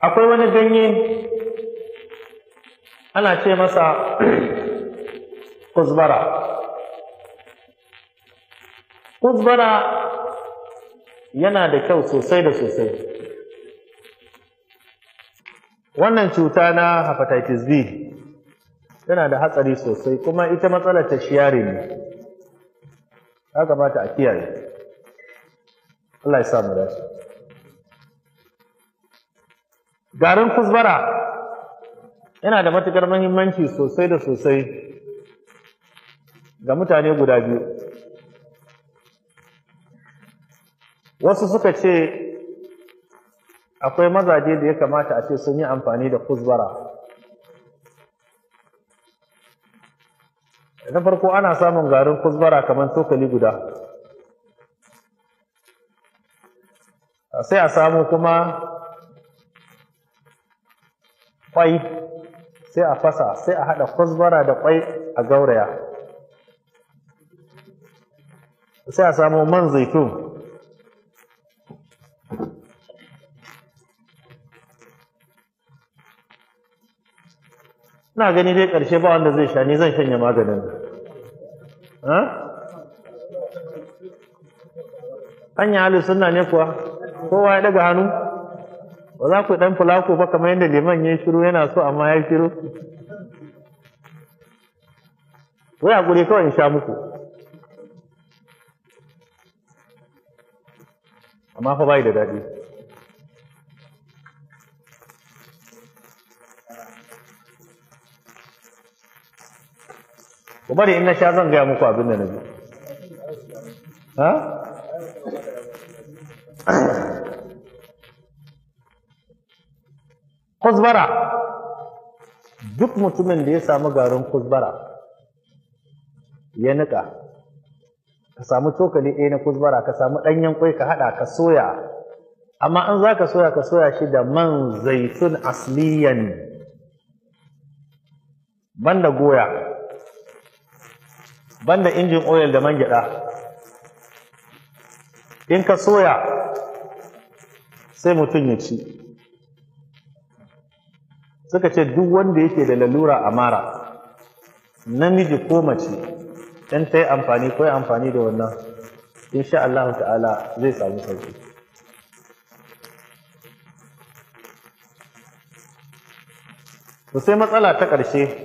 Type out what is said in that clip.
akwai wani ganye ana ce masa kuzbara kuzbara yana da kyau sosai da sosai wannan cuta na hepatitis B yana da hatsari sosai kuma ita matsalar ta shiyare ne ya kamata a kiyaye Allah ya samu mu garin kusbara yana da matukar mahimmanci sosai da sosai ga mutane guda biyu wasu suka ce akwai mazaje da ya kamata a ce sun yi amfani da kusbara na farko ana samun garin kusbara kamar tokali guda sai a samu kuma ƙwai sai a fasa sai a haɗa kusbara da ƙwai a gauraya sai a samu man zaitun ina gani dai ƙarshe ba wanda zai sha ni zan shanye maganin Hanyar halin suna ne kuwa kowa ya daga hannu ba za ku ɗan fulako ba kamar yadda liman ya shiru yana so amma ya shiru wai hakuri kawai in sha muku amma fa bai da daɗi ku bari in na sha zan gaya muku abin da na ji ha kuzbara duk mutumin da ya samu garin kuzbara ya nika ka samu cokali ɗaya na kuzbara ka samu ɗanyen kwai ka haɗa ka soya amma an za ka soya ka soya shi da man zaitun asliyan banda goya banda injin oil da man gyaɗa in ka soya sai mutum ya ci suka ce duk wanda yake da lalura a mara namiji ko mace dan ta yi amfani ko ya amfani da wannan insha Allah ta'ala zai samu sauki sai matsala ta ƙarshe